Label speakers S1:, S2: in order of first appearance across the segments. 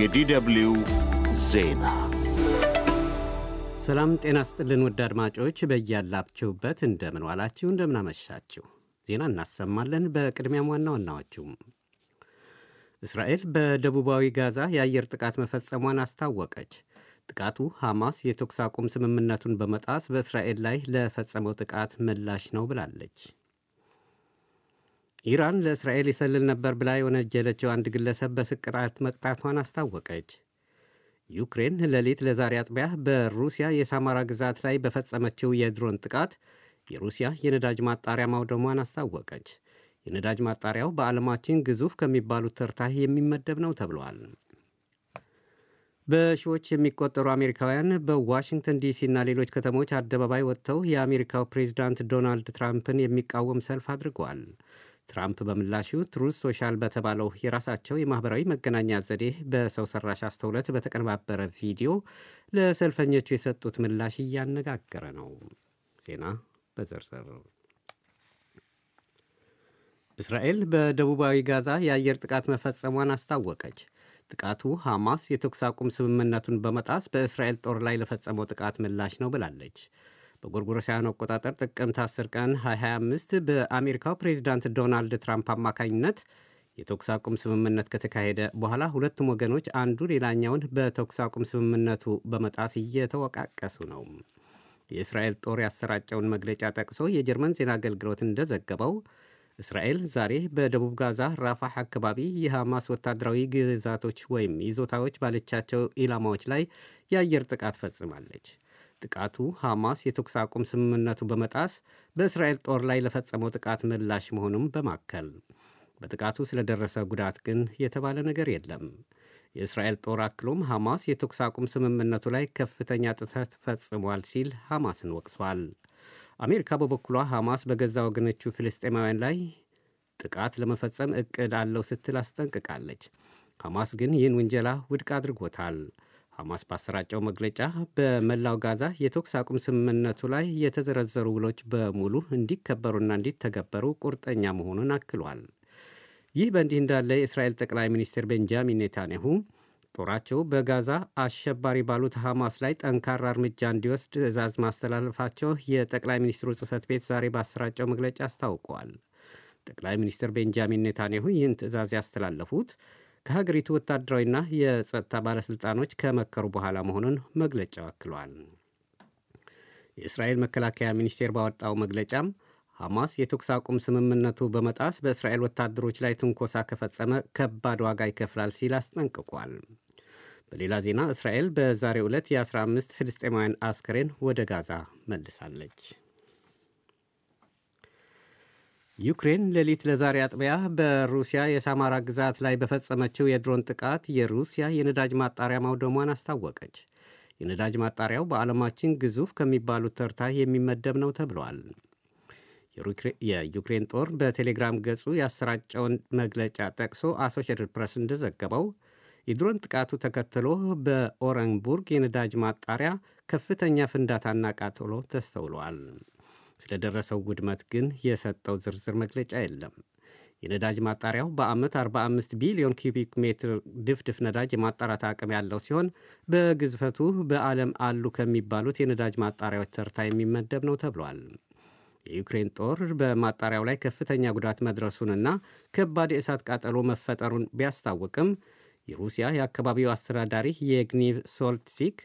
S1: የዲደብሊው ዜና ሰላም ጤና ስጥልን። ውድ አድማጮች በያላችሁበት እንደምን ዋላችሁ፣ እንደምናመሻችሁ ዜና እናሰማለን። በቅድሚያም ዋና ዋናዎቹም እስራኤል በደቡባዊ ጋዛ የአየር ጥቃት መፈጸሟን አስታወቀች። ጥቃቱ ሐማስ የተኩስ አቁም ስምምነቱን በመጣስ በእስራኤል ላይ ለፈጸመው ጥቃት ምላሽ ነው ብላለች። ኢራን ለእስራኤል ይሰልል ነበር ብላ የወነጀለችው አንድ ግለሰብ በስቅራት መቅጣቷን አስታወቀች። ዩክሬን ሌሊት ለዛሬ አጥቢያ በሩሲያ የሳማራ ግዛት ላይ በፈጸመችው የድሮን ጥቃት የሩሲያ የነዳጅ ማጣሪያ ማውደሟን አስታወቀች። የነዳጅ ማጣሪያው በዓለማችን ግዙፍ ከሚባሉት ተርታ የሚመደብ ነው ተብሏል። በሺዎች የሚቆጠሩ አሜሪካውያን በዋሽንግተን እና ሌሎች ከተሞች አደባባይ ወጥተው የአሜሪካው ፕሬዚዳንት ዶናልድ ትራምፕን የሚቃወም ሰልፍ አድርገዋል። ትራምፕ በምላሹ ትሩዝ ሶሻል በተባለው የራሳቸው የማኅበራዊ መገናኛ ዘዴ በሰው ሰራሽ አስተውለት በተቀነባበረ ቪዲዮ ለሰልፈኞቹ የሰጡት ምላሽ እያነጋገረ ነው። ዜና በዝርዝር እስራኤል በደቡባዊ ጋዛ የአየር ጥቃት መፈጸሟን አስታወቀች። ጥቃቱ ሐማስ የተኩስ አቁም ስምምነቱን በመጣስ በእስራኤል ጦር ላይ ለፈጸመው ጥቃት ምላሽ ነው ብላለች። በጎርጎሮሳውያኑ አቆጣጠር ጥቅምት 10 ቀን 2025 በአሜሪካው ፕሬዚዳንት ዶናልድ ትራምፕ አማካኝነት የተኩስ አቁም ስምምነት ከተካሄደ በኋላ ሁለቱም ወገኖች አንዱ ሌላኛውን በተኩስ አቁም ስምምነቱ በመጣስ እየተወቃቀሱ ነው። የእስራኤል ጦር ያሰራጨውን መግለጫ ጠቅሶ የጀርመን ዜና አገልግሎት እንደዘገበው እስራኤል ዛሬ በደቡብ ጋዛ ራፋህ አካባቢ የሐማስ ወታደራዊ ግዛቶች ወይም ይዞታዎች ባለቻቸው ኢላማዎች ላይ የአየር ጥቃት ፈጽማለች። ጥቃቱ ሐማስ የተኩስ አቁም ስምምነቱ በመጣስ በእስራኤል ጦር ላይ ለፈጸመው ጥቃት ምላሽ መሆኑም በማከል በጥቃቱ ስለደረሰ ጉዳት ግን የተባለ ነገር የለም። የእስራኤል ጦር አክሎም ሐማስ የተኩስ አቁም ስምምነቱ ላይ ከፍተኛ ጥሰት ፈጽሟል ሲል ሐማስን ወቅሷል። አሜሪካ በበኩሏ ሐማስ በገዛ ወገኖቹ ፍልስጤማውያን ላይ ጥቃት ለመፈጸም እቅድ አለው ስትል አስጠንቅቃለች። ሐማስ ግን ይህን ውንጀላ ውድቅ አድርጎታል። ሐማስ ባሰራጨው መግለጫ በመላው ጋዛ የተኩስ አቁም ስምምነቱ ላይ የተዘረዘሩ ውሎች በሙሉ እንዲከበሩና እንዲተገበሩ ቁርጠኛ መሆኑን አክሏል። ይህ በእንዲህ እንዳለ የእስራኤል ጠቅላይ ሚኒስትር ቤንጃሚን ኔታንያሁ ጦራቸው በጋዛ አሸባሪ ባሉት ሐማስ ላይ ጠንካራ እርምጃ እንዲወስድ ትዕዛዝ ማስተላለፋቸው የጠቅላይ ሚኒስትሩ ጽህፈት ቤት ዛሬ ባሰራጨው መግለጫ አስታውቋል። ጠቅላይ ሚኒስትር ቤንጃሚን ኔታንያሁ ይህን ትዕዛዝ ያስተላለፉት ከሀገሪቱ ወታደራዊና የጸጥታ ባለሥልጣኖች ከመከሩ በኋላ መሆኑን መግለጫው አክሏል። የእስራኤል መከላከያ ሚኒስቴር ባወጣው መግለጫም ሐማስ የተኩስ አቁም ስምምነቱ በመጣስ በእስራኤል ወታደሮች ላይ ትንኮሳ ከፈጸመ ከባድ ዋጋ ይከፍላል ሲል አስጠንቅቋል። በሌላ ዜና እስራኤል በዛሬው ዕለት የ15 ፍልስጤማውያን አስከሬን ወደ ጋዛ መልሳለች። ዩክሬን ሌሊት ለዛሬ አጥቢያ በሩሲያ የሳማራ ግዛት ላይ በፈጸመችው የድሮን ጥቃት የሩሲያ የነዳጅ ማጣሪያ ማውደሟን አስታወቀች። የነዳጅ ማጣሪያው በዓለማችን ግዙፍ ከሚባሉት ተርታ የሚመደብ ነው ተብሏል። የዩክሬን ጦር በቴሌግራም ገጹ ያሰራጨውን መግለጫ ጠቅሶ አሶሽትድ ፕሬስ እንደዘገበው የድሮን ጥቃቱ ተከትሎ በኦረንቡርግ የነዳጅ ማጣሪያ ከፍተኛ ፍንዳታና ቃጠሎ ተስተውሏል። ስለደረሰው ውድመት ግን የሰጠው ዝርዝር መግለጫ የለም። የነዳጅ ማጣሪያው በዓመት 45 ቢሊዮን ኪቢክ ሜትር ድፍድፍ ነዳጅ የማጣራት አቅም ያለው ሲሆን በግዝፈቱ በዓለም አሉ ከሚባሉት የነዳጅ ማጣሪያዎች ተርታ የሚመደብ ነው ተብሏል። የዩክሬን ጦር በማጣሪያው ላይ ከፍተኛ ጉዳት መድረሱንና ከባድ የእሳት ቃጠሎ መፈጠሩን ቢያስታውቅም የሩሲያ የአካባቢው አስተዳዳሪ የግኒቭ ሶልትሲክ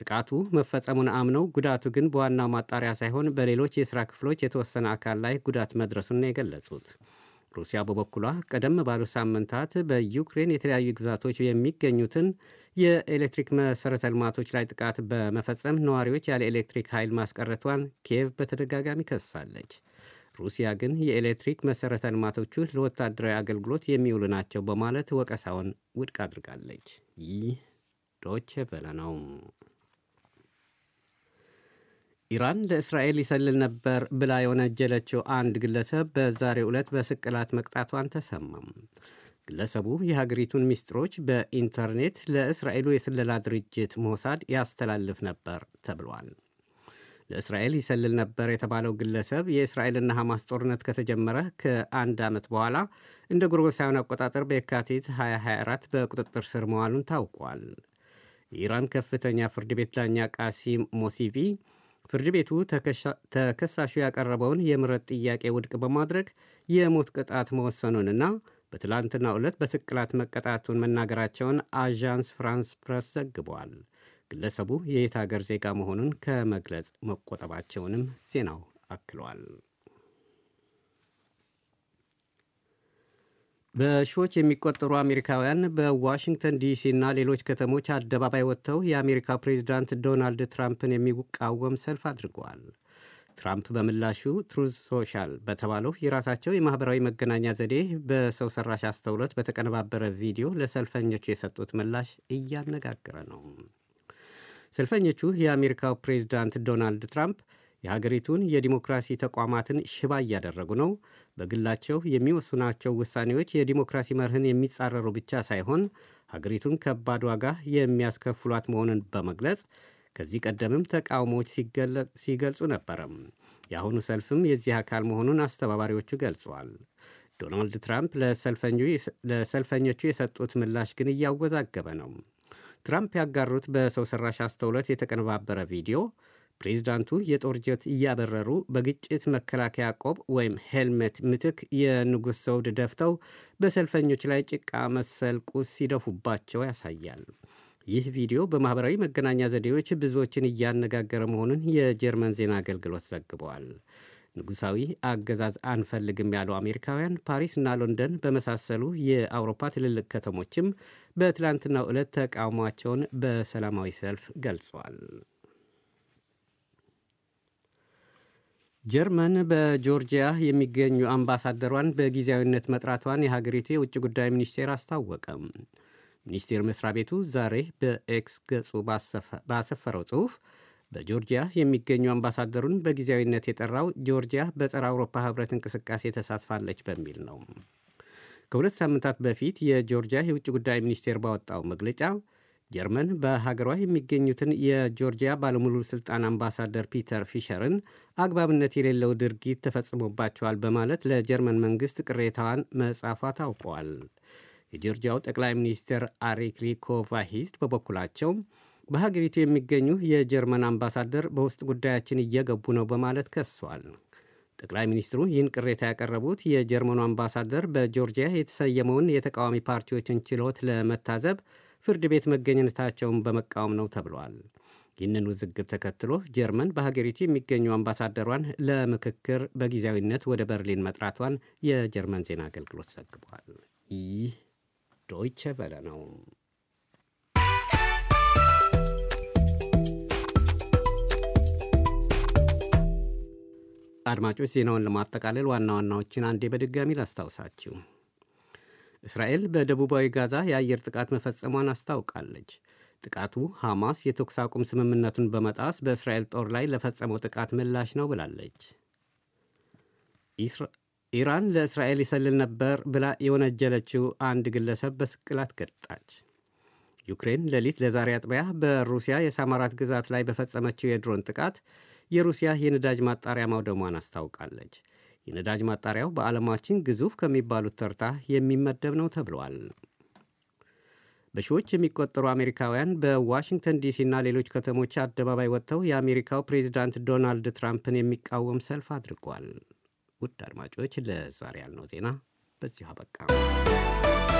S1: ጥቃቱ መፈጸሙን አምነው ጉዳቱ ግን በዋናው ማጣሪያ ሳይሆን በሌሎች የሥራ ክፍሎች የተወሰነ አካል ላይ ጉዳት መድረሱን ነው የገለጹት። ሩሲያ በበኩሏ ቀደም ባሉ ሳምንታት በዩክሬን የተለያዩ ግዛቶች የሚገኙትን የኤሌክትሪክ መሠረተ ልማቶች ላይ ጥቃት በመፈጸም ነዋሪዎች ያለ ኤሌክትሪክ ኃይል ማስቀረቷን ኪየቭ በተደጋጋሚ ከሳለች። ሩሲያ ግን የኤሌክትሪክ መሠረተ ልማቶቹ ለወታደራዊ አገልግሎት የሚውሉ ናቸው በማለት ወቀሳውን ውድቅ አድርጋለች። ይህ ዶቼ ቬለ ነው። ኢራን ለእስራኤል ይሰልል ነበር ብላ የወነጀለችው አንድ ግለሰብ በዛሬ ዕለት በስቅላት መቅጣቷን ተሰማም። ግለሰቡ የሀገሪቱን ሚስጥሮች በኢንተርኔት ለእስራኤሉ የስለላ ድርጅት ሞሳድ ያስተላልፍ ነበር ተብሏል። ለእስራኤል ይሰልል ነበር የተባለው ግለሰብ የእስራኤልና ሐማስ ጦርነት ከተጀመረ ከአንድ ዓመት በኋላ እንደ ጎርጎሳውያን አቆጣጠር በየካቲት 2024 በቁጥጥር ስር መዋሉን ታውቋል። የኢራን ከፍተኛ ፍርድ ቤት ዳኛ ቃሲም ሞሲቪ ፍርድ ቤቱ ተከሳሹ ያቀረበውን የምረት ጥያቄ ውድቅ በማድረግ የሞት ቅጣት መወሰኑንና በትላንትና ዕለት በስቅላት መቀጣቱን መናገራቸውን አዣንስ ፍራንስ ፕረስ ዘግቧል። ግለሰቡ የየት አገር ዜጋ መሆኑን ከመግለጽ መቆጠባቸውንም ዜናው አክሏል። በሺዎች የሚቆጠሩ አሜሪካውያን በዋሽንግተን ዲሲ እና ሌሎች ከተሞች አደባባይ ወጥተው የአሜሪካ ፕሬዚዳንት ዶናልድ ትራምፕን የሚቃወም ሰልፍ አድርገዋል። ትራምፕ በምላሹ ትሩዝ ሶሻል በተባለው የራሳቸው የማኅበራዊ መገናኛ ዘዴ በሰው ሰራሽ አስተውሎት በተቀነባበረ ቪዲዮ ለሰልፈኞቹ የሰጡት ምላሽ እያነጋገረ ነው። ሰልፈኞቹ የአሜሪካው ፕሬዚዳንት ዶናልድ ትራምፕ የሀገሪቱን የዲሞክራሲ ተቋማትን ሽባ እያደረጉ ነው። በግላቸው የሚወስናቸው ውሳኔዎች የዲሞክራሲ መርህን የሚጻረሩ ብቻ ሳይሆን ሀገሪቱን ከባድ ዋጋ የሚያስከፍሏት መሆኑን በመግለጽ ከዚህ ቀደምም ተቃውሞዎች ሲገልጹ ነበረም። የአሁኑ ሰልፍም የዚህ አካል መሆኑን አስተባባሪዎቹ ገልጸዋል። ዶናልድ ትራምፕ ለሰልፈኞቹ የሰጡት ምላሽ ግን እያወዛገበ ነው። ትራምፕ ያጋሩት በሰው ሰራሽ አስተውሎት የተቀነባበረ ቪዲዮ ፕሬዚዳንቱ የጦር ጀት እያበረሩ በግጭት መከላከያ ቆብ ወይም ሄልሜት ምትክ የንጉሥ ዘውድ ደፍተው በሰልፈኞች ላይ ጭቃ መሰል ቁስ ሲደፉባቸው ያሳያል። ይህ ቪዲዮ በማኅበራዊ መገናኛ ዘዴዎች ብዙዎችን እያነጋገረ መሆኑን የጀርመን ዜና አገልግሎት ዘግበዋል። ንጉሳዊ አገዛዝ አንፈልግም ያሉ አሜሪካውያን ፓሪስ እና ሎንደን በመሳሰሉ የአውሮፓ ትልልቅ ከተሞችም በትላንትናው ዕለት ተቃውሟቸውን በሰላማዊ ሰልፍ ገልጸዋል። ጀርመን በጆርጂያ የሚገኙ አምባሳደሯን በጊዜያዊነት መጥራቷን የሀገሪቱ የውጭ ጉዳይ ሚኒስቴር አስታወቀም። ሚኒስቴር መስሪያ ቤቱ ዛሬ በኤክስ ገጹ ባሰፈረው ጽሑፍ በጆርጂያ የሚገኙ አምባሳደሩን በጊዜያዊነት የጠራው ጆርጂያ በጸረ አውሮፓ ህብረት እንቅስቃሴ ተሳትፋለች በሚል ነው። ከሁለት ሳምንታት በፊት የጆርጂያ የውጭ ጉዳይ ሚኒስቴር ባወጣው መግለጫ ጀርመን በሀገሯ የሚገኙትን የጆርጂያ ባለሙሉ ስልጣን አምባሳደር ፒተር ፊሸርን አግባብነት የሌለው ድርጊት ተፈጽሞባቸዋል በማለት ለጀርመን መንግሥት ቅሬታዋን መጻፏ ታውቋል። የጆርጂያው ጠቅላይ ሚኒስትር አሪክ ሊኮቫሂስት በበኩላቸው በሀገሪቱ የሚገኙ የጀርመን አምባሳደር በውስጥ ጉዳያችን እየገቡ ነው በማለት ከሷል። ጠቅላይ ሚኒስትሩ ይህን ቅሬታ ያቀረቡት የጀርመኑ አምባሳደር በጆርጂያ የተሰየመውን የተቃዋሚ ፓርቲዎችን ችሎት ለመታዘብ ፍርድ ቤት መገኘታቸውን በመቃወም ነው ተብሏል። ይህንን ውዝግብ ተከትሎ ጀርመን በሀገሪቱ የሚገኙ አምባሳደሯን ለምክክር በጊዜያዊነት ወደ በርሊን መጥራቷን የጀርመን ዜና አገልግሎት ዘግቧል። ይህ ዶይቸ በለ ነው። አድማጮች ዜናውን ለማጠቃለል ዋና ዋናዎችን አንዴ በድጋሚ ላስታውሳችሁ። እስራኤል በደቡባዊ ጋዛ የአየር ጥቃት መፈጸሟን አስታውቃለች። ጥቃቱ ሐማስ የተኩስ አቁም ስምምነቱን በመጣስ በእስራኤል ጦር ላይ ለፈጸመው ጥቃት ምላሽ ነው ብላለች። ኢራን ለእስራኤል ይሰልል ነበር ብላ የወነጀለችው አንድ ግለሰብ በስቅላት ገጣች። ዩክሬን ሌሊት ለዛሬ አጥቢያ በሩሲያ የሳማራት ግዛት ላይ በፈጸመችው የድሮን ጥቃት የሩሲያ የነዳጅ ማጣሪያ ማውደሟን አስታውቃለች። የነዳጅ ማጣሪያው በዓለማችን ግዙፍ ከሚባሉት ተርታ የሚመደብ ነው ተብሏል። በሺዎች የሚቆጠሩ አሜሪካውያን በዋሽንግተን ና ሌሎች ከተሞች አደባባይ ወጥተው የአሜሪካው ፕሬዚዳንት ዶናልድ ትራምፕን የሚቃወም ሰልፍ አድርጓል። ውድ አድማጮች ለዛሬ ያልነው ዜና በዚሁ አበቃ።